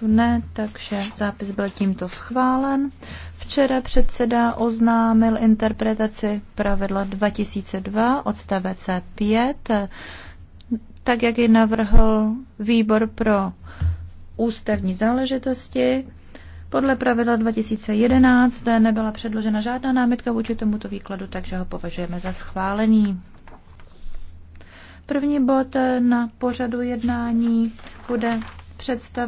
zápisu? Ne, takže zápis byl tímto schválen. Včera předseda oznámil interpretaci pravidla 2002 odstavec 5, tak jak ji navrhl výbor pro ústavní záležitosti. Podle pravidla 2011 nebyla předložena žádná námitka vůči tomuto výkladu, takže ho považujeme za schválený. První bod na pořadu jednání bude představit